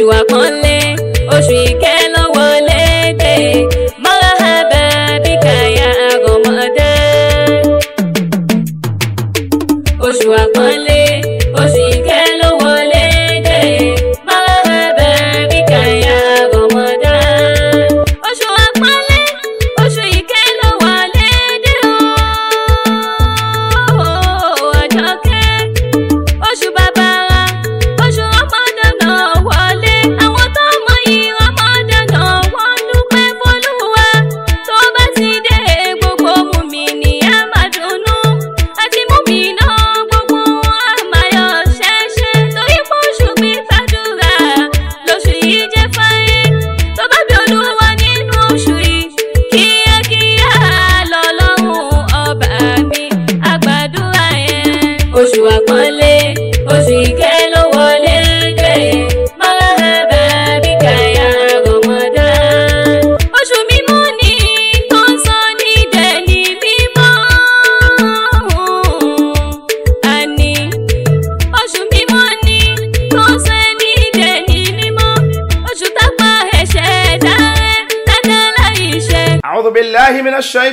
you up on me.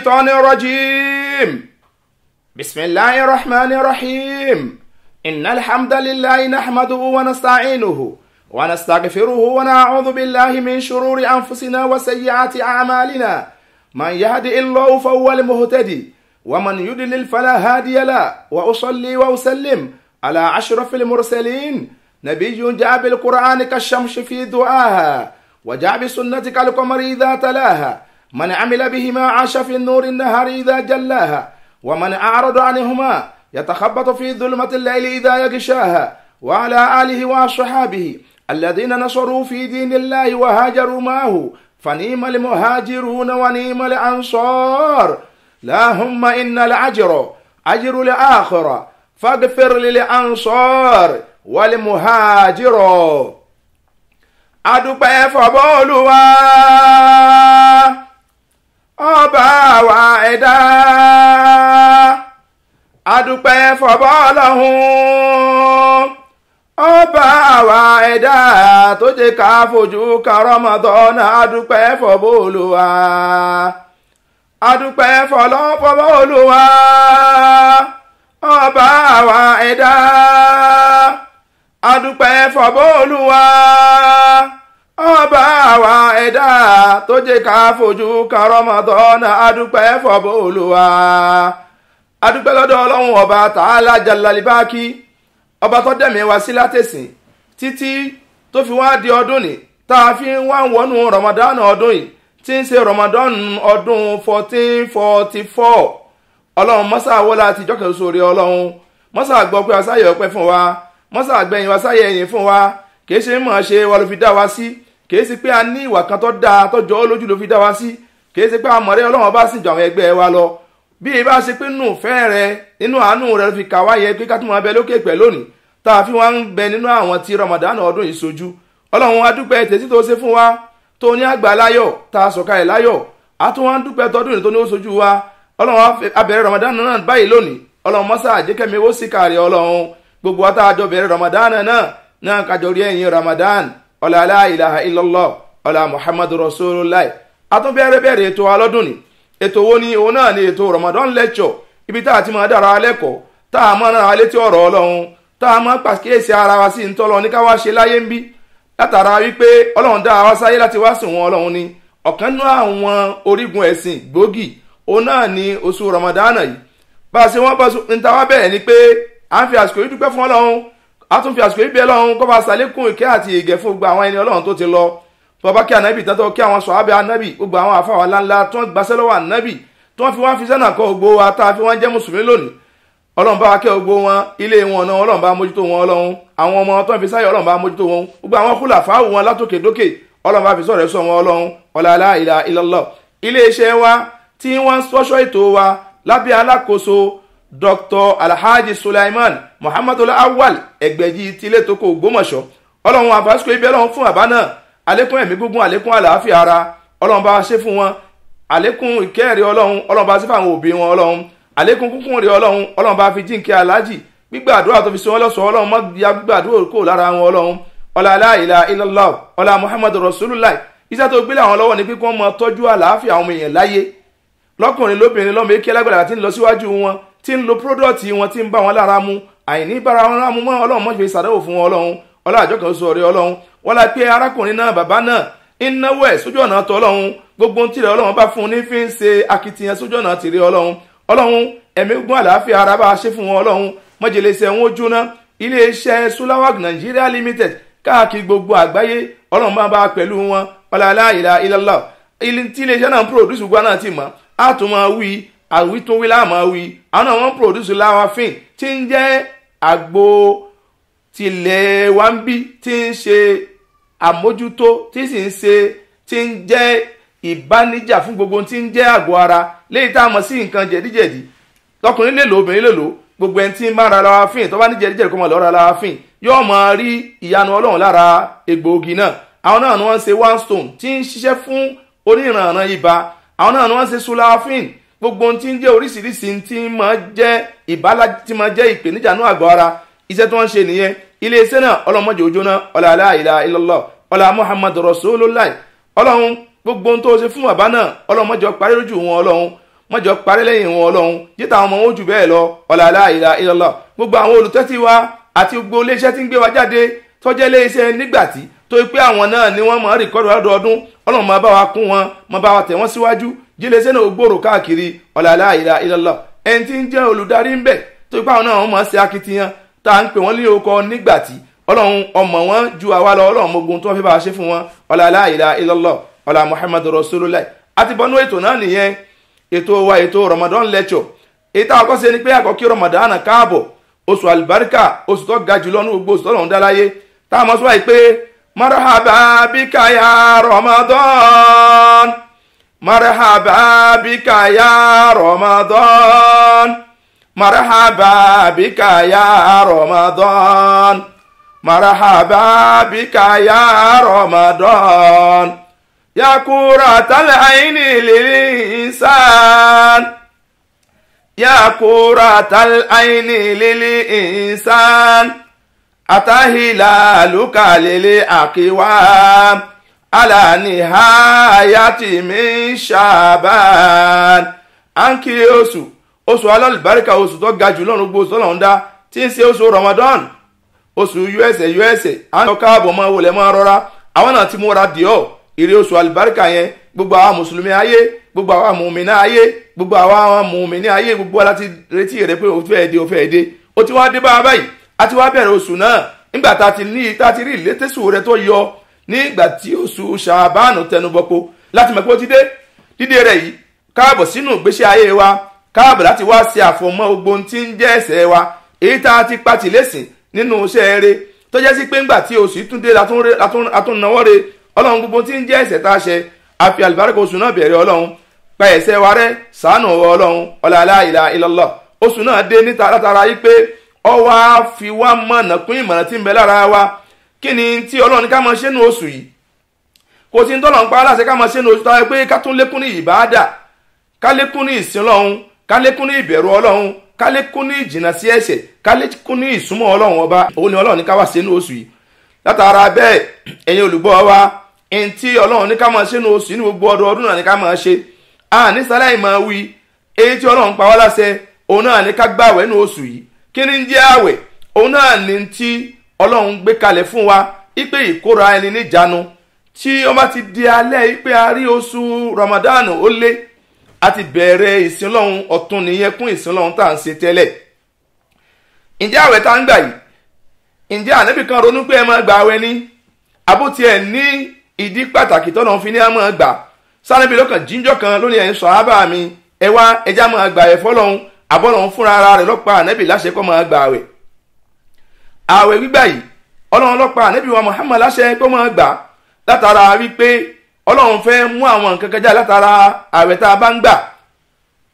الشيطان الرجيم بسم الله الرحمن الرحيم إن الحمد لله نحمده ونستعينه ونستغفره ونعوذ بالله من شرور أنفسنا وسيئات أعمالنا من يهدئ الله فهو المهتدي ومن يدلل فلا هادي له وأصلي وأسلم على أشرف المرسلين نبي جاء بالقرآن كالشمس في دعاها وجاء بسنتك القمر إذا تلاها من عمل بهما عاش في النور النهار إذا جلاها ومن أعرض عنهما يتخبط في ظلمة الليل إذا يغشاها وعلى آله وصحابه الذين نصروا في دين الله وهاجروا معه فنيم المهاجرون ونيم الأنصار اللهم إن العجر أجر لآخر فاغفر للأنصار والمهاجر بأفو فبولوا ọba wa ẹ̀dá adúpẹ́ fọbọ́ ọlọ́run ọba wa ẹ̀dá tó jẹ́ ká fojú karọ́mọdọ́nà adúpẹ́ fọbọ́ olúwa adúpẹ́ fọlọ́ fọbọ́ olúwa ọba àwa ẹ̀dá adúpẹ́ fọbọ́ olúwa ọba àwa ẹ̀dá tó jẹ́ ká fojú kan rọmọdọ́nà adúpẹ́ fọ́bọ̀ olùwà adúpẹ́ lọ́dọ̀ ọlọ́run ọba tààlà jalalibákí ọba tó dẹ̀mí wá sí látẹ̀sìn títí tó fi wá di ọdún ni tá a fi wá wọnú rọmọdọ́nà ọdún yìí tí ń ṣe rọmọdọ́nà ọdún fourteen forty four ọlọ́run mọ́sá wọlé àtijọ́ kẹsàn-án sórí ọlọ́run mọ́sá gbọ́ pé asáyẹ̀ ọpẹ́ fún wa mọ́sá gbẹ̀yìn wa ẹ̀yìn fún wa kì í ṣe mọ̀ ṣe wà ló fi dá wa sí. Si kìí ṣe pé a ní ìwà kan tó dáa tó jọ ọ́ lójú ló fi dá wa sí kìí ṣe pé àwọn ọmọdé ọlọ́wọ́n bá sì jọ àwọn ẹgbẹ́ wa lọ bí ibà ṣe pé nù fẹ́ rẹ nínú àánú rẹ ló fi kà wá pé ká máa bẹ lókè pẹ̀ lónìí tá a fi wá ń bẹ nínú àwọn tí Ramadan ọdún yìí sojú ọlọ́run wa dúpẹ́ tètè tó ṣe fún wa tó ní àgbà láyọ̀ tá a sọ̀ka ẹ̀ láyọ̀ a tún wá ń dúpẹ́ tọdún yìí tó ní ó sojú wa ọlọ́run abẹ̀rẹ̀ Ramadan náà báyìí lónìí ọlọ́run mọ́sá àjẹkẹ́mi ó ọlá la ilaha illallah ọlá muhammadu rasulullah atúnbẹ̀rẹ̀ bẹ̀rẹ̀ ètò alọ́dún ni ètò wo ni òun náà ni ètò ramadan lecture ibi tá a ti máa dára alẹ́kọ̀ọ́ tá a máa rán alẹ́ tí ọ̀rọ̀ ọlọ́run tá a máa pàṣẹsí ara wa sí ntọ́lọ ní ká wá ṣe láyé ń bí látara wípé ọlọ́run dá wa sáyé láti wá sìn wọn ọlọ́run ni ọ̀kan nínú àwọn orígun ẹ̀sìn gbòógì òun náà ni oṣù ramadan yìí bá a ṣe wọ́n bá a ṣe ń ta wá bẹ́ẹ̀ ni pé à ń fi àsìkò yìí dúpẹ́ fún ọlọ́run a tún fi àsìkò yìí bí ọlọ́run kọ́ bá ṣàlékún ìkẹ́ àti ìgẹ̀ fún gbogbo àwọn ẹni ọlọ́run tó ti lọ tọba kí ànábì tẹ́tọ́ kí àwọn sọ̀hábẹ́ ànábì gbogbo àwọn àfáwà ńláńlá tó ń gbaṣẹ́ lọ́wọ́ ànábì tó ń fi wọ́n fi sẹ́nà kọ́ gbogbo wa tá a fi wọ́n jẹ́ mùsùlùmí lónìí ọlọ́run bá wa kẹ́ gbogbo wọn ilé wọn náà ọlọ́run bá mójútó wọn ọlọ́run àwọn ọmọ tó ń fi sáyẹ ọlọ́run bá mójútó wọn gbogbo àwọn kúlà fáwọn wọn látòkè dókè ọlọ́run bá fi sọ̀rọ̀ ẹ̀ sọ wọn ọlọ́run ọ̀làlá ìlà ìlọ́lọ́ ilé iṣẹ́ wa tí wọ́n sọ́ṣọ́ ètò wa lábẹ́ alákòóso dr alhaji sulaiman muhammadul awal ẹgbẹ̀jì tilé tó kó gbómọ̀ṣọ́ ọlọ́run àbáṣekò ibi ọlọ́run fún àbá náà àlékún ẹ̀mí gígùn àlékún àlàáfíà ara ọlọ́run bá ṣe fún wọn àlékún ìkẹ́ẹ̀rẹ́ ọlọ́run ọlọ́run bá ṣe fáwọn òbí wọn ọlọ́run àlékún kúnkún rẹ̀ ọlọ́run ọlọ́run bá fi jíǹkẹ́ aláàjì gbígbàdúrà tó fi sọ ọlọ́sọ ọlọ́run má ya gbígbàdúrà kò lára wọn ọlọ́run ọlá la ilaha ọlá muhammadu rasulullah iṣẹ́ tó gbélé àwọn lọ́wọ́ ni pé kí wọ́n mọ tọ́jú àlàáfíà àwọn èèyàn láyé lọ́kùnrin lóbìnrin lọ́mọ èké lágbàdàgbà tí ń lọ síwájú wọn tí ń lo product wọn tí ń bá wọn lára mu àìní bára wọn lára mu mọ́ ọlọ́run mọ́ ṣe ṣàdáwò fún ọlọ́run ọlọ́àjọ kan sọ ọ̀rẹ́ ọlọ́run wọn la pé arákùnrin náà bàbá náà ń náwó ẹ̀ sójú ọ̀nà tọ́ ọlọ́run gbogbo ohun tìrẹ ọlọ́run bá fún un ní fi ń ṣe akitiyan sójú ọ̀nà tìrẹ ọlọ́run ọlọ́run ẹ̀mí gún àlàáfíà ara bá a ṣe fún wọn ọlọ́run mọ́jẹ̀lẹ́sẹ̀ wọn ó jóná iléeṣẹ́ sulawag nigeria limited káàkiri gbogbo àgbáyé ọlọ́run máa bá a pẹ̀lú wọn ọ̀làlá ìlà ìlàlá tí iléeṣẹ́ náà ń produce gbogbo náà ti mọ̀ á tún máa wí àwí tó wí láàmú wí àwọn náà wọ́n produce láwàfin tí ń jẹ́ àgbo tilẹ̀ wá ń bí tí ń ṣe àmójútó tí sì ń ṣe tí ń jẹ́ ìbánijà fún gbogbo tí ń jẹ́ àgọ́ ara léyìí tá a mọ̀ sí nǹkan jẹ̀díjẹ̀dí lọkùnrin lè lò obìnrin lè lò gbogbo ẹni tí ń máa ra láwàfin tó bá ní jẹ̀díjẹ̀dí kó mọ̀ lọ́ọ́ ra láwàfin yóò máa rí ìyanu ọlọ́run lára egbòogi náà àwọn náà ni wọ́n ṣe one stone tí ń ṣiṣẹ́ fún oníranran ibà àwọn náà ni wọ́n ṣe sulafin gbogbo ohun tí ń jẹ́ oríṣiríṣi tí máa jẹ́ ìbálá tí máa jẹ́ ìpèníjà ní àgọ́ ara iṣẹ́ tí wọ́n ń ṣe nìyẹn iléeṣẹ́ náà ọlọ́mọdé ojú náà aláìlá ilọ́lọ́ ọlá muhammad rasulullah ọlọ́run gbogbo ohun tó ṣe fún bàbá náà ọlọ́mọjọ parí lójú wọn ọlọ́run mọ́jọ parí lẹ́yìn wọn ọlọ́run jíta àwọn ọmọ wọn jù bẹ́ẹ̀ lọ ọlá aláìlá ilọ́lọ́ gbogbo àwọn olùtẹ́tí wa àti gbogbo iléeṣẹ́ tí ń gbé wa jáde tọ́jẹ́ iléeṣẹ́ nígbàtí tó pé àwọn náà ni wọ́n máa rìkọ́dù ọdọọdún ọlọ́run máa bá wa kún wọn máa bá wa tẹ̀ wọ́n jílẹsẹ náà gbòòrò káàkiri ọlàlá ìlà ìlọlọ ẹni tí ń jẹ́ olùdarí ń bẹ tó ipá náà wọ́n máa ṣe akitiyan tá à ń pè wọ́n ní orúkọ nígbàtí ọlọ́run ọmọ wọn ju àwa lọ ọlọ́run mogun tó wọ́n fi bá a ṣe fún wọn ọlàlá ìlà ìlọlọ ọlà Muhammad rasulullah àti bọ́nú ètò náà nìyẹn ètò wa ètò Ramadan lecture ètò àkọsí ni pé Ramadan káàbọ̀ oṣù alibarika oṣù tó ga jùlọ ní gbogbo oṣù marhaba bika ya Ramadan. مرحبا بك يا رمضان مرحبا بك يا رمضان مرحبا بك يا رمضان يا كرة العين للإنسان يا كرة العين للإنسان أتى هلالك للأقوام على نهاية من شعبان àǹkì oṣù oṣù alálùbáríkà oṣù tó ga jù lọ́run gbogbo sọ́lọ̀ ń dá tí ń ṣe oṣù Ramadan oṣù usa usa àǹkì ọkọ ààbọ̀ máa wọlé máa rọra àwọn náà ti múra dìọ́ èrè yẹn gbogbo awa mùsùlùmí aye gbogbo awa mùmìnà ayé gbogbo àwa gbogbo aláti ti a ní ìgbà tí oṣù ṣàbánù tẹnubọpo láti mọ̀ pé ó ti dé dídé rẹ̀ yìí káàbọ̀ sínú ìgbésí ayé wa káàbọ̀ láti wá ṣe àfọmọ́ gbogbo ohun tí ń jẹ́ ẹ̀ṣẹ̀ wa èyí tá a ti pati lẹ́sìn nínú iṣẹ́ eré tó jẹ́ sí pé ńgbà tí oṣù tún dé látúnnawọ́ re ọlọ́run gbogbo tí ń jẹ́ ẹ̀ṣẹ̀ tá a ṣe àfi àlùbáríkà oṣù náà bẹ̀rẹ̀ ọlọ́run pa ẹ̀ṣẹ̀ wa rẹ́ ṣàánú ọlọ́run ọ̀làlá ìlà oṣù náà dé níta látara yìí pé ó wá fi wá mọ̀nà kún ìmọ̀nà tí ń bẹ lára wa kí ni tí ọlọ́run se ká yi ṣe ní oṣù yìí kò sí ní tọ́lọ̀ ń pa aláṣẹ ká máa ṣe oṣù tó wáyé pé ká tún lékún ní ìbáàdà ká lékún ní ìsìn ọlọ́run ká lékún ní ìbẹ̀rù ọlọ́run ọba òun ni ọlọ́run ká wá ṣe oṣù yìí látara bẹ́ẹ̀ ẹ̀yin olùgbọ́ wa ẹni ọlọ́run ká oṣù yìí ọlọ́run gbé kalẹ̀ fún wa ipe ìkóra ẹni níjànú tí ó bá ti di alẹ́ ipe àárí oṣù Ramadan ó lé a ti bẹ̀rẹ̀ ìsìn ọlọ́run ọ̀tun nìyẹn kún ìsìn ọlọ́run tá à ń ṣe tẹ́lẹ̀ ǹjẹ́ àwẹ̀ tá ń gbà yìí ǹjẹ́ ànábì kan ronú pé ẹ máa gba àwẹ̀ ní àbótí ẹ̀ ní ìdí pàtàkì tọ́nà fi ní ẹ gbà sanabi lọ́kàn jíjọ́ kan lónìí ẹ̀yin sọ̀hábà mi ẹ wá ẹja máa gbà ẹ̀ fọ́lọ́run àbọ̀lọ́run fúnra rẹ̀ lọ́pàá ànábì láṣẹ kó máa gbà àwẹ̀ ààwẹ̀ gbígbà yìí ọlọ́run ọlọ́pàá ànábì wa Muhammad láṣẹ pé wọ́n gbà látara wípé ọlọ́run fẹ́ mú àwọn nǹkan kẹjá látara ààwẹ̀ tá a bá ń gbà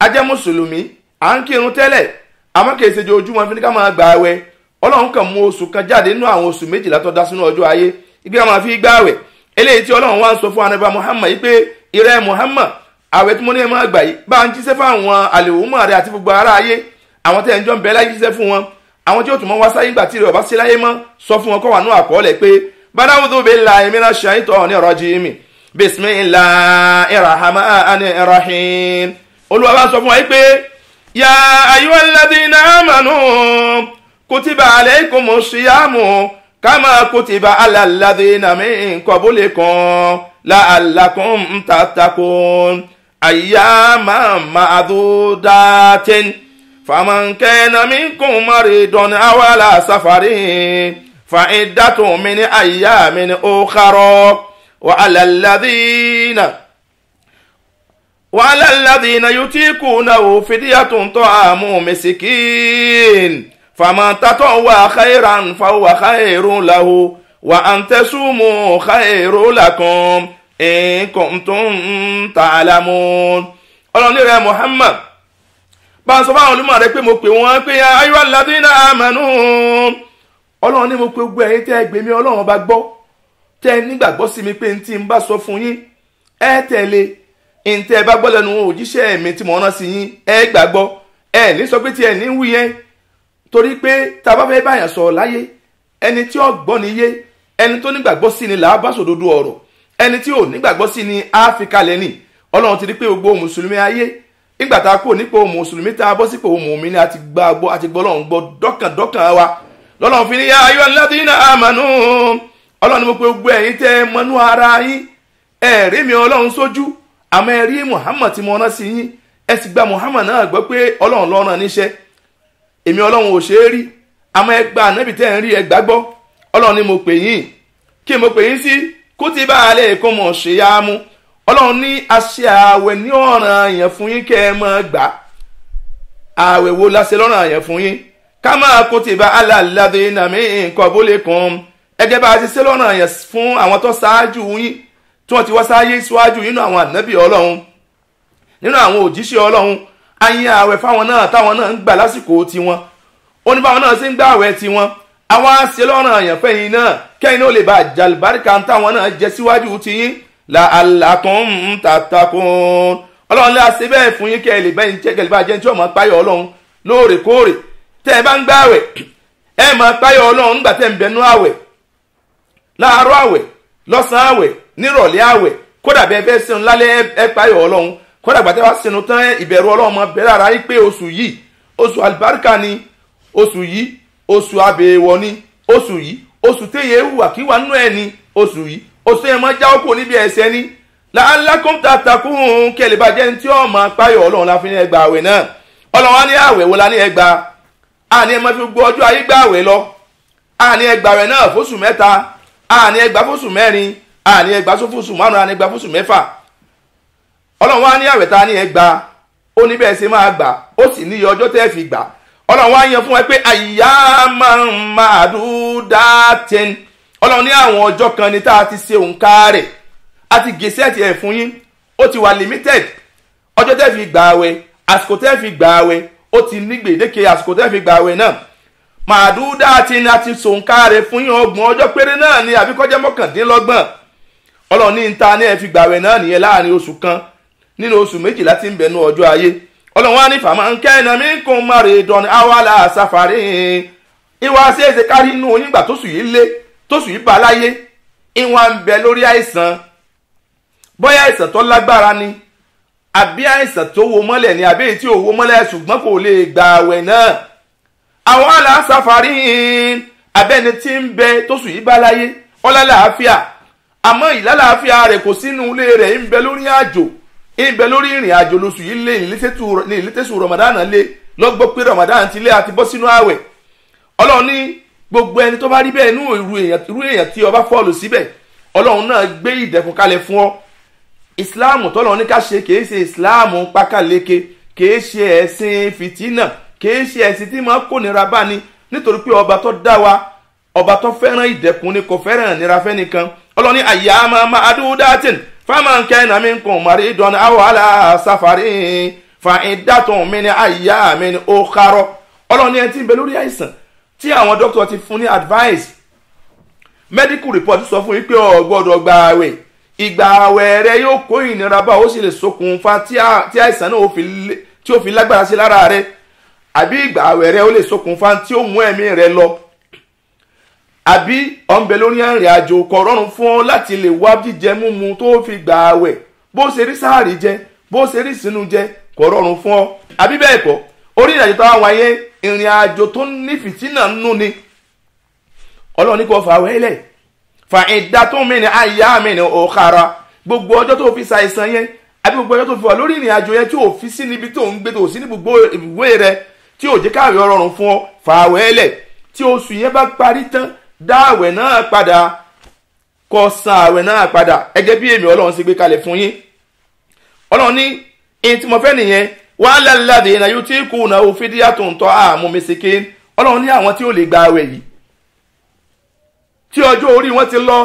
a jẹ́ mùsùlùmí à ń kírun tẹ́lẹ̀ àmọ́ kì í ṣe ojoojúmọ́ fi ní ká máa gbà ààwẹ̀ ọlọ́run kàn mú oṣù kan jáde nínú àwọn oṣù méjìlá tó dá sínú ayé ibi gbà eléyìí tí ọlọ́run wá ń sọ pé àwọn tí ó tún mọ wá sáyé gbà tí rẹ ọba sí láyé mọ sọ fún wọn kọ wà nú àkọọ́lẹ̀ pé badáwùdó bẹ la èmi náà ṣe àyítọ ní ọ̀rọ̀ jí mi bisimilahi rahmani rahim olúwa bá sọ fún wa yìí pé ya ayyuhal ladina amanu kutiba alaykumu siyamu kama kutiba ala ladina min qablikum la'allakum tattaqun ayyaman ma'dudatin. فمن كان منكم مريض أو على سفر فعدة من أيام أخرى وعلى الذين وعلى الذين يطيقونه فدية طعام مسكين فمن تطوع خيرا فهو خير له وأن تصوموا خير لكم إن كنتم تعلمون. ọlọ́run ní rẹ̀ Muhammad bá ń sọ fáwọn olùmọ̀ rẹ pé mo pè wọ́n pé ayúwá ladínà àmánú ọlọ́run ní mo pé gbogbo ẹ̀yin tẹ́ ẹ gbèmí ọlọ́run bá gbọ́ tẹ́ ẹ nígbàgbọ́ sí mi pé n tí n bá sọ fún yín ẹ tẹ̀lé n tẹ́ ẹ bá gbọ́ lẹ́nu òjíṣẹ́ mi tí mo rán sí yín ẹ gbàgbọ́ ẹ ní sọ pé tí ẹ ní wí yẹn torí pé tá a bá fẹ́ báyàn sọ̀rọ̀ láyé ẹni tí ó gbọ́ ni yé ẹni tó nígbàgbọ́ sí ni làá bá sòdodo ọ̀rọ̀ ẹni tí ò nígbàgbọ́ sí ni á fi kalẹ̀ ni ọlọ́run ti rí pé gbogbo mùsùlùmí ayé nígbà tá a kúrò nípò mùsùlùmí tá a bọ́ sípò mùmíní àti gbà gbọ́ àti gbọ́ lọ́n gbọ́ dọ́kàndọ́kàn wa lọ́lọ́n fi ní yá ayọ́ alladhina amanu ọlọ́run ni mo pe gbogbo ẹ̀yin tẹ́ ẹ mọ́nú ara yín ẹ rí mi ọlọ́run sójú àmọ́ ẹ rí Muhammad tí mo rán sí yín ẹ sì gba Muhammad náà gbọ́ pé ọlọ́run ló rán níṣẹ́ èmi ọlọ́run ò ṣe é rí àmọ́ ẹ gba ànábì tẹ́ ẹ rí ẹ gbàgbọ́ ọlọ́run ni mo pè yín kí mo pè yín sí kutiba alaykumu shiyamu ọlọ́run ní aṣẹ ààwẹ̀ ní ọ̀ràn àyàn fún yín kẹ́ ẹ máa gbà ààwẹ̀ wo la ṣe lọ́ràn àyàn fún yín ká máa kó tìbà aláàládé nàmí nǹkan bólé kan ẹgẹ́ bá a ti ṣe lọ́ràn àyàn fún àwọn tó ṣáájú yín tí wọ́n ti wá sáyé síwájú nínú àwọn ànábì ọlọ́run nínú àwọn òjíṣẹ́ ọlọ́run ayin ààwẹ̀ fáwọn náà táwọn náà ń gbà lásìkò tiwọn ó ní báwọn náà ṣe ń gbà ààwẹ̀ tiwọn àwọn á lọ́ràn àyàn fẹ́yìn náà kẹ́yìn náà lè bá àjàlùbáríkà táwọn náà jẹ síwájú tiyín la'allakum tattaqun ọlọ́run lé àṣẹ bẹ́ẹ̀ fún yín kẹ́ ẹ lè bẹ́ẹ̀ jẹ́ kẹ́ ẹ lè bá jẹ́ tí ọmọ páyọ̀ ọlọ́run lóòrèkóòrè tẹ́ ẹ bá ń gbààwẹ̀ ẹ máa páyọ̀ ọlọ́run nígbà tẹ́ ẹ ń bẹnu àwẹ̀ láàárọ̀ àwẹ̀ lọ́sàn-án àwẹ̀ nírọ̀lẹ́ àwẹ̀ kódà bẹ́ẹ̀ fẹ́ sínú lálẹ́ ẹ páyọ̀ ọlọ́run kódà gbàtẹ́ wá sínú tán ìbẹ̀rù ọlọ́run máa bẹ̀rẹ̀ ara pé oṣù yìí oṣù àlùbáríkà ni oṣù yìí oṣù àbẹ̀wọ̀ ni oṣù yìí oṣù téye wùwà kíwà nú ẹ̀ ni oṣù yìí ose yẹn máa jáwọ́ kò níbi ni na tàtàkùn kẹlẹ́bàjẹ́ ní tí ó máa páyọ̀ ọlọ́run láfi ní ẹgbàá àwẹ̀ náà ọlọ́run á ní àwẹ̀ wo la ní fi gbọ́ ọjọ́ ayé gbà àwẹ̀ lọ àní ẹgbà rẹ̀ náà fóṣù mẹ́ta àní ẹgbà fóṣù mẹ́rin àní ẹgbà fóṣù márùn àní ẹgbà fóṣù mẹ́fà ọlọ́run wá ní àwẹ̀ ta ní ẹgbà ó ọlọ́run ní àwọn ọjọ́ kan ni tá a ti ṣe òǹkà rẹ̀ a ti gèsẹ́ẹ̀tì ẹ̀ fún yín ó ti wà limited ọjọ́ tẹ́ fi gbà wẹ̀ àsìkò tẹ́ fi gbà wẹ̀ ó ti ní gbèdéke àsìkò tẹ́ fi gbà wẹ̀ náà màdúdá ti ní a ti ṣòǹkà rẹ̀ fún yín ọgbọ̀n ọjọ́ péré náà ni àbí kọjá mọ́kàndínlọ́gbọ̀n ọlọ́run ní ta ní ẹ fi gbà wẹ̀ náà nìyẹn láàrin oṣù kan nínú oṣù méjìlá ti ń bẹnu ọjọ́ ayé ọlọ́run wá ní fàmà ń kẹ́hìnà mí kún márùn-ún ìdọ̀nì awàlà àsàfàrí ìwà ṣeéṣe kárí inú onígbà tó sùn yìí lé tóṣù yìí bá láyé ìwọ̀n à lórí àìsàn bóyá àìsàn ni àbí àìsàn tó wo mọ́lẹ̀ ni àbí èyí tí ò wo mọ́lẹ̀ ṣùgbọ́n kò lè gba àwẹ̀ náà àwọn aláṣàfarí abẹ́ni tí ń bẹ tóṣù yìí bá ilala ọlálàáfíà àmọ́ ìlàlàáfíà rẹ̀ kò sínú ilé rẹ̀ ń bẹ lórí àjò ń bẹ lórí ìrìn àjò lé Ramadan ti lé àti bọ́ sínú àwẹ̀ gbogbo ẹni tó bá rí bẹ́ẹ̀ nínú irú èèyàn tí ọba fọ́ọ̀lù síbẹ̀ ọlọ́run náà gbé ìdẹ̀kùn kalẹ̀ fún ọ ìsìláàmù tọ́lọ́ ní ká ṣe kìí ṣe ìsìláàmù pákàleke kìí ṣe ẹ̀sìn fìtínà kìí ṣe ẹ̀sìn tí máa kó nira bá ni nítorí pé ọba tó dá wa ọba tó fẹ́ràn ìdẹ̀kùn ni kò fẹ́ràn nira fẹ́nìkan ọlọ́ni àyà máa ma adúdáàtìn fáwọn kẹ́hìnà mi fa ìdàtọ̀ mi ni àyà mi ni ó kárọ̀ ọlọ́ni ń tí àwọn dókítà ti fún ní advice medical report sọ fún yín pé o gbọ́dọ̀ gba àwẹ̀ ìgbà àwẹ̀ rẹ yóò kó ìnira bá ó sì lè ṣokùnfà tí àìsàn náà tí ó fi lágbára sí lára rẹ àbí ìgbà àwẹ̀ rẹ ó lè ṣokùnfà tí ó mú ẹ̀mí rẹ lọ àbí ọ̀nbẹ lórí àrìn àjò kò rọrùn fún ọ láti lè wá jíjẹ múmu tó fi gbà àwẹ̀ bó ṣe rí sáàrì jẹ bó ṣe rí sínú jẹ kò rọrùn fún ọ àbí bẹ́ẹ̀ kọ́ orí ìrìnàjò táwọn wáyé ìrìn àjò tó ní fìtínà nù ni ọlọ́run ní kò fà wẹ́lẹ̀ fà ìdá tó mìíràn àyà mìíràn ọ̀kara gbogbo ọjọ́ tó fi ṣàìsàn yẹn àbí gbogbo ọjọ́ tó fi wà lórí ìrìn àjò yẹn tí ò fi sí níbi tó ń gbé tó sí ní gbogbo ìwé rẹ tí ò jẹ́ káàwé ọrọ̀rùn fún ọ fà wẹ́lẹ̀ tí oṣù yẹn bá parí tán dá àwẹ̀ náà padà kó san àwẹ̀ náà padà ẹgẹ́ bí èmi ọlọ́run ṣe gbé kalẹ̀ fún yín ọlọ́run ní wàhálà ládé ìnáyó tí kò náà fídíà tó ń tọ́ àmú mẹ́sẹ̀kẹ́ ọlọ́run ní àwọn tí ò lè gba àwẹ̀ yìí tí ọjọ́ orí wọn ti lọ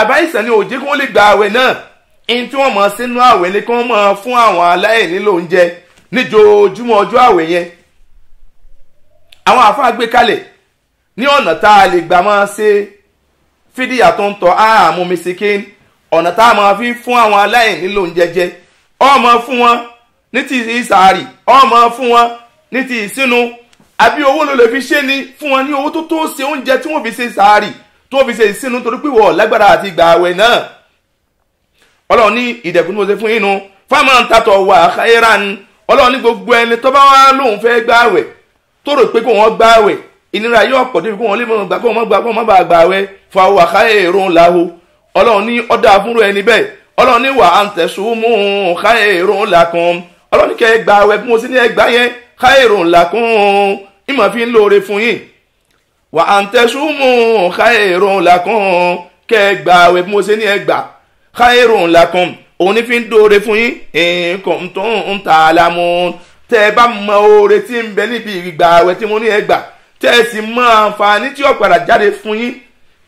àbáyìsàn ni òjé kí wọ́n lè gba àwẹ̀ náà ẹni tí wọ́n mọ̀ sínú àwẹ̀ ni kí wọ́n mọ̀ fún àwọn aláìní lóúnjẹ níjojúmọ́ ọjọ́ àwẹ̀ yẹn àwọn àfa gbé kalẹ̀ ní ọ̀nà tá a lè gbà máa ṣe fídíà tó ń tọ́ àmú mẹ́sẹ̀kẹ́ ọ̀nà tá a máa fi fún àwọn aláìní lóúnjẹ jẹ ọmọ fún wọn ní ti ìsàárì ọmọ fún wọn ní ti ìsinu àbí owó ló lè fi ṣe ni fún wọn ní owó tó tó ṣe oúnjẹ tí wọ́n fi ṣe ìsàárì tó fi ṣe ìsinu torí pé wọ́n lágbára àti ìgbà àwẹ̀ náà ọlọ́run ní ìdẹ̀kùn tó ṣe fún inú fáwọn tatọ̀ wà khairan ọlọ́run ní gbogbo ẹni tó bá wá lóun fẹ́ gbààwẹ̀ tó rò pé kó wọ́n gbààwẹ̀ ìnira yóò pọ̀ débi kó wọ́n lè mọ̀ gbà kó wọ́n gbà kó wọ́n bá gbààwẹ̀ fa wà khairun lahu ọlọ́run ní ọ̀dà fúnrú ẹni bẹ́ẹ̀ ọlọ́run ní wà á ń tẹ̀sùn mú khairun lakum ọlọ́run kẹ́ ẹ gba àwẹ̀ bí mo sì ní ẹ gbà yẹn khairun lakum ìmọ̀ fi ń lóore fún yín wa an tasumu khairun lakum kẹ́ ẹ gba àwẹ̀ bí mo sì ní ẹ gbà khairun lakum òun ní fi ń dóore fún yín in kuntum ta'lamun tẹ́ ẹ bá mọ oore tí ń bẹ níbi ìgbà àwẹ̀ tí mo ní ẹ gbà tẹ́ ẹ sì mọ àǹfààní tí ó padà jáde fún yín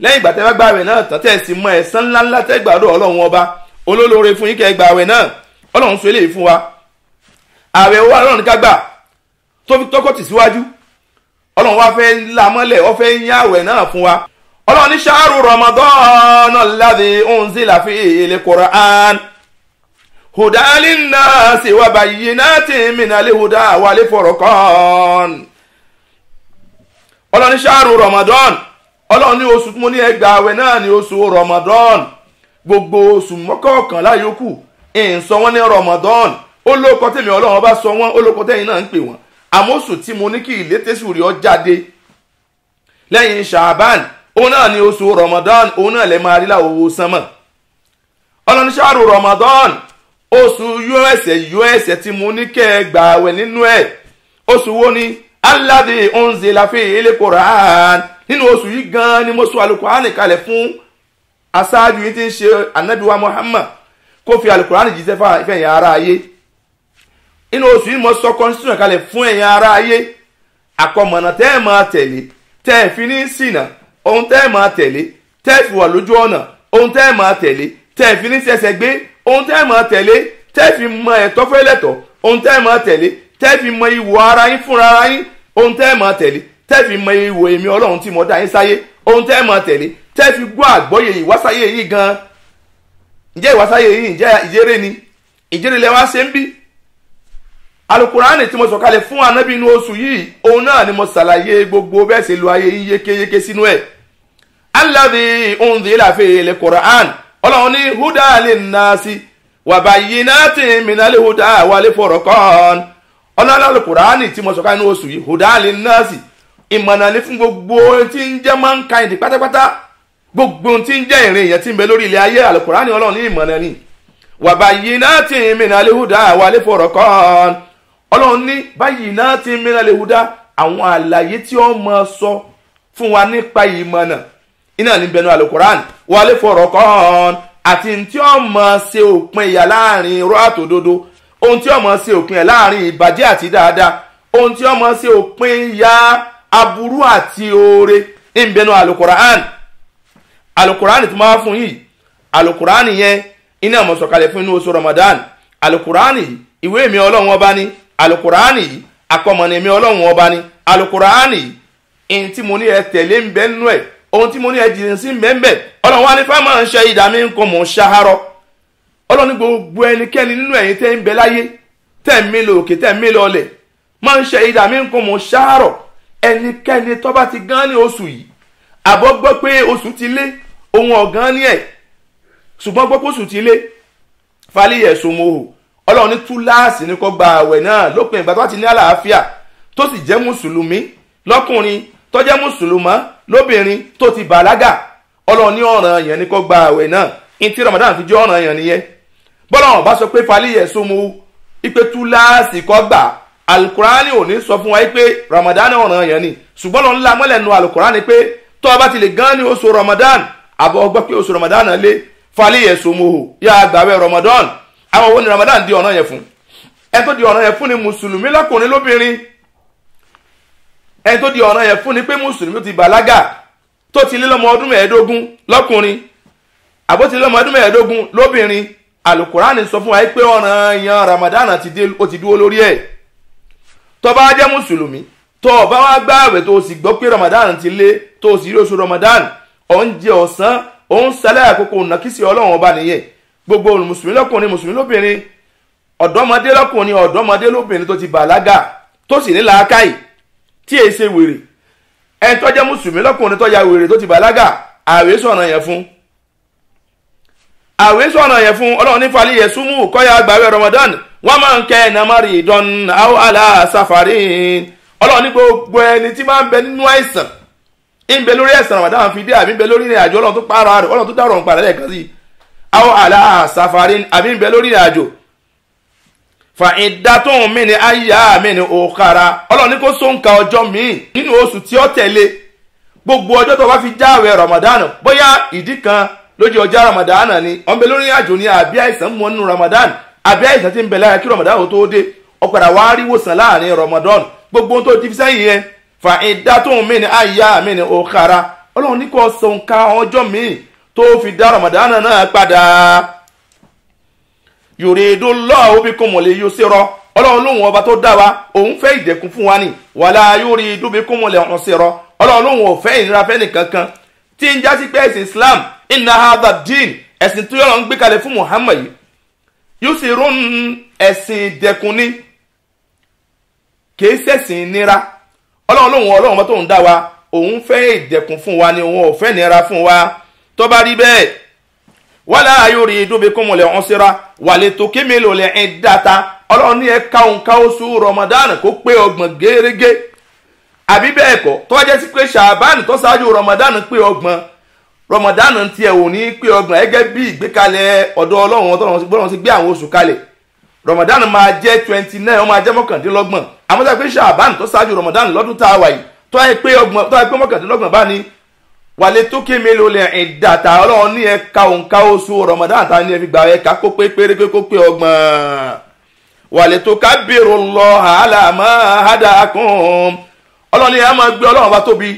lẹ́yìn ìgbà tẹ́ bá gba àwẹ̀ náà tán tẹ́ ẹ sì mọ ẹ̀san ńláńlá tẹ́ gbàdúrà ọlọ́run ọba olólóore fún yín kẹ́ ẹ gba àwẹ̀ náà ọlọ́run sọ eléyìí fún wa ààrẹ wa náà ní ká gbà tó fi tọkọ síwájú ọlọ́run wa fẹ́ lamọ́lẹ̀ ọ fẹ́ yán àwẹ̀ náà fún wa ọlọ́run ní ṣáàrù ramadan alladhi unzila fihi al-Qur'an hudan linnasi wa bayyinatin minal huda wal kàn. ọlọ́run ní ṣáàrù ramadan ọlọ́run ní oṣù mo ní ẹgbàá àwẹ̀ náà ní oṣù ramadan gbogbo oṣù mọ́kọ̀ọ̀kan láyókù ìǹsọ wọn ní ramadan ó lóko tèmi ọlọ́run bá sọ wọ́n ó lóko tẹ́yìn náà ń pè wọ́n àmóṣù tí mo ní kí ìlétésù rí ọ jáde lẹ́yìn ṣàbán òun náà ni oṣù ramadan òun náà lè máa rí láwòwò sánmọ̀ ọlọ́niṣàrò ramadan oṣù yóẹsẹ̀ yóẹsẹ̀ tí mo ní kẹ́ ẹ gbà wẹ̀ nínú ẹ̀ oṣù wo ni aládé onze láfi ilé koran nínú oṣù yìí gan ni mo sọ alukurani kalẹ̀ fún aṣáájú yìí tí ń ṣe anabiwa muhammad kó fi alukurani jíṣẹ́ fún ìfẹ̀yìn ara ayé inú oṣù yìí mo sọ constitution kalẹ̀ fún ẹ̀yin ará ayé àkọmọ̀nà tẹ́ ẹ̀ máa tẹ̀lé tẹ́ ẹ̀ fi ní ṣìnà ohun tẹ́ ẹ̀ máa tẹ̀lé tẹ́ ẹ̀ fi wà lójú ọ̀nà ohun tẹ́ ẹ̀ máa tẹ̀lé tẹ́ ẹ̀ fi ní ṣẹ̀ṣẹ̀ gbé ohun tẹ́ ẹ̀ máa tẹ̀lé tẹ́ ẹ̀ fi mọ ẹ̀tọ́ fẹ́lẹ̀tọ̀ ohun tẹ́ ẹ̀ máa tẹ̀lé tẹ́ ẹ̀ fi mọ ìwọ ara yín fúnra ara yín ohun tẹ́ ẹ̀ máa tẹ̀lé tẹ́ ẹ̀ fi mọ ìwọ èmi ọlọ́run tí mo dá yín sáyé ohun tẹ́ ẹ̀ máa tẹ̀lé tẹ́ ẹ̀ fi gbọ́ àgbọ́yé ìwásáyé yìí gan-an ǹjẹ́ ìwásáyé yìí ǹjẹ́ ìjẹ́rẹ́ ni ìjẹ́rẹ́ lẹ wá ṣe ń bí alukurani tí mo sọ̀kalẹ̀ fún anabi inú oṣù yìí òun náà ni mo ṣàlàyé gbogbo bẹ́ẹ̀ ṣe lo ayé yín yékéyéké sínú ẹ̀ alladhi unzila fi al-Qur'an ọlọ́run ní huda lin-nasi wa bayyinatin minal huda wal furqan ọlọ́run alukurani tí mo sọ̀kalẹ̀ inú oṣù yìí huda lin-nasi ìmọ̀nà ni fún gbogbo tí ń jẹ́ máa ń ka ìdí pátápátá gbogbo tí ń jẹ́ ìrìn èèyàn tí ń bẹ lórí ilẹ̀ ayé alukurani ọlọ́run ní ìmọ̀nà ni wa bayyinatin minal huda wal furqan ọlọ́run ní báyìí náà ti mìíràn lè wú dá àwọn àlàyé tí ó mọ sọ fún wa nípa ìmọ̀nà iná ní bẹnu alukoran wọlé fọ̀rọ̀ kan àti tí ó mọ ṣe òpin ìyà láàrin irọ́ àtòdodo ohun tí ó mọ ṣe òpin ẹ̀ láàrin ìbàjẹ́ àti dáadáa ohun tí ó mọ ṣe òpin ìyà aburú àti oore ní bẹnu alukoran alukoran tó máa fún yìí alukoran yẹn iná mọ̀ fún inú oṣù Ramadan alukoran ìwé mi ọlọ́run ọba ni alukuraani yìí akọmọni mi ọlọ́run ọba ni alukuraani yìí ntí mo ní ẹ tẹ̀lé ń bẹ́ nínú ẹ̀ ohun tí mo ní ẹ jìnnà sí ń bẹ́ ń bẹ́ ọlọ́run wa ní fáwọn máa ń ṣe ìdààmú nǹkan mọ̀ ń ṣaharọ́ ọlọ́run ní gbogbo ẹnikẹ́ni nínú ẹ̀yin tẹ́ ń bẹ láyé tẹ́ ń mélòó òkè tẹ́ ń mélòó ọlẹ̀ máa ń ṣe ìdààmú nǹkan mọ̀ ń ṣaharọ́ ẹnikẹ́ni ti gán ní oṣù yìí àbọ̀ gbọ́ pé oṣù ti lé ohun ọ̀gán ní ẹ̀ ṣùgbọ́n gbọ́ pé oṣù ti lé falẹ̀ yẹ̀ sọmọ́ ọlọ́run ní túláàsì ní kó gba àwẹ̀ náà lópin ìgbà tó bá ti ní àlàáfíà tó sì jẹ́ mùsùlùmí lọ́kùnrin tó jẹ́ mùsùlùmọ́ lóbìnrin tó ti bàlágà ọlọ́run ní ọ̀ràn yẹn ní kó gba àwẹ̀ náà ní ti Ramadan fi jẹ́ ọ̀ràn yẹn nìyẹn bọ́lá wọn bá sọ pé falíyẹ̀ sómu ipe túláàsì kó gbà alukurani ò ní sọ fún wa pé Ramadan ọ̀ràn yẹn ni ṣùgbọ́n lọ́n ńlá mọ́lẹ̀ nu alukurani pé tó o bá ti lè gan ní oṣù Ramadan àbọ̀ ọgbọ́ pé oṣù Ramadan lé falíyẹ̀ sómu yá gbàwẹ̀ Ramadan àwọn owó ni Ramadan di ọ̀nà yẹn fún ẹni tó di ọ̀nà yẹn fún ni mùsùlùmí lọ́kùnrin lóbìnrin ẹni tó di ọ̀nà yẹn fún ni pé mùsùlùmí ti bàlágà tó ti lé lọ́mọ ọdún mẹ́ẹ̀ẹ́dógún lọ́kùnrin àbó ti lé lọ́mọ ọdún mẹ́ẹ̀ẹ́dógún lóbìnrin alukurani sọ fún wa pé ọ̀ràn yan Ramadan ti dé ó ti dúró lórí ẹ̀ tó bá jẹ́ mùsùlùmí tó o bá wá gbààwẹ̀ tó o sì gbọ́ pé Ramadan ti lé tó o sì rí oṣù Ramadan ò ń jẹ ọ̀sán ò ń sálẹ̀ àkókò nàkísí ọlọ́run ọba nìyẹn gbogbo mùsùlùmí lọ́kùnrin mùsùlùmí lóbìnrin ọ̀dọ́mọdé lọ́kùnrin ọ̀dọ́mọdé lóbìnrin tó ti bàlágà tó sì ní làákàyè tí èyí ṣe wèrè ẹni tó jẹ́ mùsùlùmí lọ́kùnrin tó ya wèrè tó ti bàlágà àwẹ̀ sọ̀nà yẹn fún àwẹ̀ sọ̀nà yẹn fún ọlọ́run ní falẹ̀ yẹn súnmù kọ́yà gbàwẹ̀ Ramadan wọ́n máa ń kẹ́ ẹ̀ nàmárì ìdán àwọn àlà sàfàrí ọlọ́run ní gbogbo ẹni tí máa ń bẹ nínú àìsàn ń bẹ lórí ẹ̀sán Ramadan fi dé àbí ń bẹ lórí ìrìn àjò ọlọ́run tó pààrọ̀ rẹ̀ ọlọ́run tó dàrọ̀ aw ala safarin àbí ń bẹ lórí ìrìnàjò fa ìdátòhùn mi ni àyà mi ni òkàrà ọlọ́run ní kó sóǹkà ọjọ́ míì nínú oṣù tí ó tẹ̀lé gbogbo ọjọ́ tó bá fi jáwé ramadan bóyá ìdí kan lójú ọjọ́ ramadan ni ọ̀n bẹ lórí ìrìnàjò ni àbí àìsàn mú nínú ramadan àbí àìsàn ti ń bẹ lára kí ramadan ó tó dé ọ̀padà wàá rí wòsàn láàrin ramadan gbogbo ohun ti fi sẹ́yìn yẹn fa ìdátòhùn mi ni àyà mi ni òkàrà ọlọ́run ní kó sóǹkà ọjọ́ míì tó fi dá ramadana náà padà yuridullahu bikumul yusra ọlọ́run lóhùn ọba tó dá wa òun fẹ́ ìdẹ̀kùn fún wa ni wala yuridu bikumul usra ọlọ́run lóhùn ọ̀fẹ́ ìnira fẹ́ni kankan tí ń jásí pé ẹ̀sìn islam inna hadha din ẹ̀sìn tó yọ̀rọ̀ ń gbé kalẹ̀ fún muhammad yusirun ẹ̀sìn ìdẹ̀kùn ni kìí ṣẹ̀sìn nira ọlọ́run lóhùn ọlọ́run ọba tó ń dá wa òun fẹ́ ìdẹ̀kùn fún wa ni òun ọ̀fẹ́ nira fún wa tó bá rí bẹ́ẹ̀ wala yuridu bikumul usra walitukmilul iddata ọlọ́run ní ẹ káwọn káwọn sùn Ramadan kó pé ọgbọ̀n gẹ́rẹ́gẹ́ àbí bẹ́ẹ̀ kọ́ tó wá jẹ́ sí pé Ṣàbánì tó ṣáájú Ramadan pé ọgbọ̀n Ramadan tiẹ̀ ò ní pé ọgbọ̀n ẹgẹ́ bí ìgbékalẹ̀ ọ̀dọ̀ ọlọ́run ọ̀tọ̀run gbọ́dọ̀ sí gbé àwọn oṣù kalẹ̀ Ramadan máa jẹ́ twenty nine ó máa jẹ́ mọ́kàndínlọ́gbọ̀n àmọ́ tó wá pé Ṣàbánì tó ṣáájú Ramadan lọ́dún tá a wà yìí tó wá pé wàlẹ̀ tó ké mélòó lẹ̀ ẹ̀dá ta ọlọ́run ní ẹ̀ka òǹkà oṣù Ramadan ta ní ẹ̀fi gbà ẹ̀ka kó pé pérépé kó pé ọgbọ̀n wàlẹ̀ tó ká bèrò lọ àhálà mọ́ àdá kún ọlọ́run ní ẹ̀ máa gbé ọlọ́run bá tóbi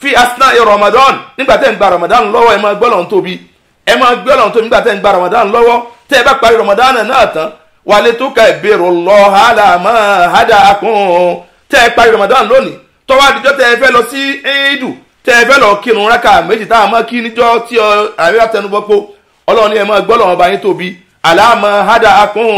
fi asina ẹ̀ Ramadan nígbà tẹ́ ń gba Ramadan lọ́wọ́ ẹ̀ máa gbé ọlọ́run tóbi ẹ̀ máa gbé ọlọ́run tóbi nígbà tẹ́ ń gba Ramadan lọ́wọ́ tẹ́ ẹ bá parí Ramadan náà tán wàlẹ̀ tó ká bèrò lọ àhálà mọ́ tẹ́ ẹ Ramadan lónìí tọ́wọ́ àdìjọ́ tẹ́ ẹ fẹ́ lọ sí Eid tẹ́ ẹ fẹ́ lọ kírun rákà méjì táwọn máa kí níjọ́ tí ààrẹ àtẹnubọ́ po ọlọ́run ni ẹ máa gbọ́ lọ́wọ́ ọba yín tóbi àlàmọ́ hádà akún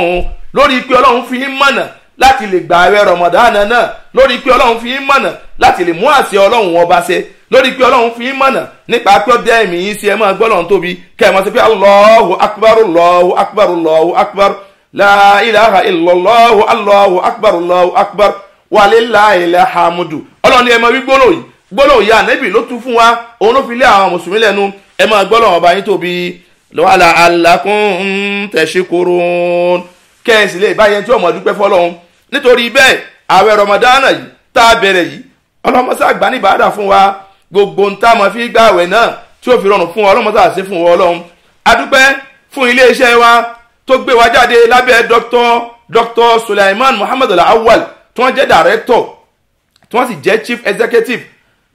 lórí pé ọlọ́run fi yín mọ̀nà láti lè gba ààrẹ rọmọdánà náà lórí pé ọlọ́run fi yín mọ̀nà láti lè mú àṣẹ ọlọ́run ọba ṣe lórí pé ọlọ́run fi yín mọ̀nà nípa pé ọdẹ ẹ̀mí yín sí ẹ máa gbọ́ lọ́run tóbi kẹ́ ẹ máa pé Allahu akbar Allahu akbar Allahu akbar la ilaha illallahu Allahu akbar Allahu akbar walilahi alhamdu ọlọ́run ni ẹ máa wí gbólóyìn gbọ́dọ̀ ya ànẹ́bì ló tún fún wa òun ló fi lé àwọn mùsùlùmí lẹ́nu ẹ máa gbọ́dọ̀ ọba yín tóbi lọ́wọ́lá alákùn tashkurun kẹ́hìnsì lè báyẹn tí ọmọ dúpẹ́ fọlọ́hún nítorí bẹ́ẹ̀ ààwẹ̀ rọmọdánà yìí tá a bẹ̀rẹ̀ yìí ọlọ́mọsá gbà ní ìbáradà fún wa gbogbo ń tá a mọ̀ fi gbà àwẹ̀ náà tí ó fi rọrùn fún ọlọ́mọsá ṣe fún wa adúpẹ́ fún iléeṣẹ́ wa tó gbé wa jáde lábẹ́ dr dr Sulaiman Muhammad Al-Awwal tí wọ́n jẹ́ director tí wọ́n sì jẹ́ chief executive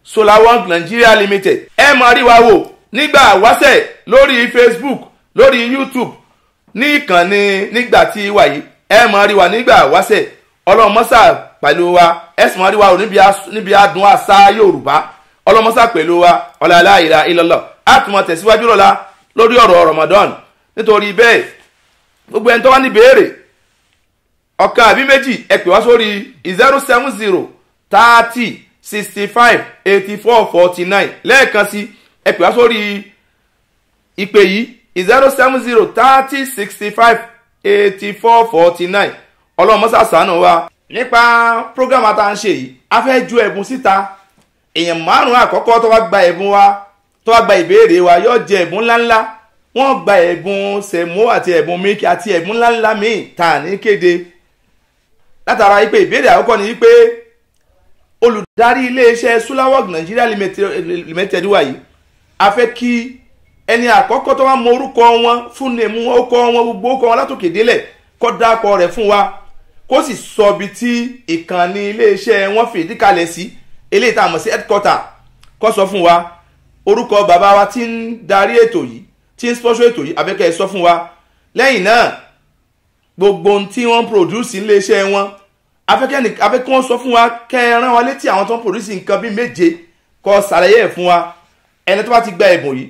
Solawong Nigeria Limited ẹ máa rí wa wò nígbà wáṣẹ̀ lórí Facebook lórí YouTube ní ìkànnì nígbà tí wà yìí ẹ máa rí wa nígbà wáṣẹ̀ ọlọ́mọ́sà pẹ̀lú wa ẹ sì máa rí wa níbi adùn àṣà Yorùbá ọlọ́mọ́sà pẹ̀lú wa ọ̀làlá ìlà ìlọ́lọ́ a tún máa lórí ọ̀rọ̀ Ramadan nítorí bẹ́ẹ̀ gbogbo ẹni tó wá ní béèrè ọ̀kan àbí méjì ẹ pè wá sórí zero seven zero thirty sixty five eighty four forty nine lẹ́ẹ̀kan sí ẹ pè wá sórí ìpè yìí zero seven zero thirty sixty five eighty four forty nine ọlọ́run mọ́sá ṣàánú wa. nípa program ata ń ṣe yìí a fẹ́ ju ẹ̀bùn síta èèyàn márùn-ún àkọ́kọ́ tó bá gba ẹ̀bùn wa tó bá gba ìbéèrè wa yóò jẹ ẹ̀bùn ńláńlá wọ́n gba ẹ̀bùn sẹ̀mó àti ẹ̀bùn mílíkì àti ẹ̀bùn ńláńlá míì tà ní kéde látara wípé ìbéèrè àkọ́kọ́ ni wípé olùdarí iléeṣẹ́ sulawog nigeria limited wà yìí a fẹ́ kí ẹni àkọ́kọ́ tó wá mọ orúkọ wọn fún nemu ọkọ wọn gbogbo ọkọ wọn látòkè délẹ̀ kó dákọ rẹ̀ fún wa kó sì sọ ibi tí ìkànnì iléeṣẹ́ wọn fìdí kalẹ̀ sí eléyìí tá a mọ̀ sí headquarter kó sọ fún wa orúkọ bàbá wa tí ń darí ètò yìí tí ń sponsor ètò yìí abẹ́kẹ́ sọ fún wa lẹ́yìn náà gbogbo ohun tí wọ́n produce iléeṣẹ́ wọn afẹ́kẹ́ni afẹ́kẹ́ wọn sọ fún wa kẹ́ ẹ rán wa létí àwọn tó ń pòdúsì nǹkan bíi méje kọ́ ṣàlàyé ẹ̀ fún wa ẹni tó bá ti gba ẹ̀bùn yìí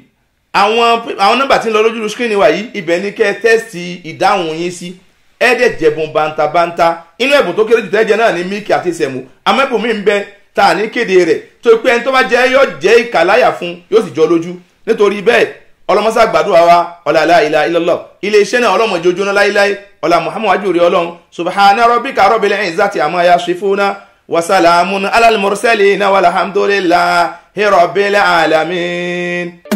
àwọn àwọn nọ́mbà tí ń lọ lójú screen wa yìí ibẹ̀ ni kẹ́ ẹ tẹ́sì ìdáhùn yín sí ẹ dẹ̀ jẹ̀bùn bàǹtàbàǹtà inú ẹ̀bùn tó kéré jù tẹ́jẹ náà ni mílíkì àti sẹ̀mú àmọ́ ẹ̀bùn mi ń bẹ ta à ní kéde rẹ̀ tó pé ẹni tó bá jẹ́ yóò jẹ́ ìkàláyà fún yóò sì jọ lójú nítorí bẹ́ẹ̀ ọlọmọsá gbàdúrà wa ọlá aláìlá ilọlọ iléeṣẹ́ náà ọlọmọ jojúná láíláí ọlá muhammadu ajuri ọlọ́run subhana rabbika rabbil izzati amma yasifuna wasalamun alal mursalina walhamdulillahi rabbil alamin.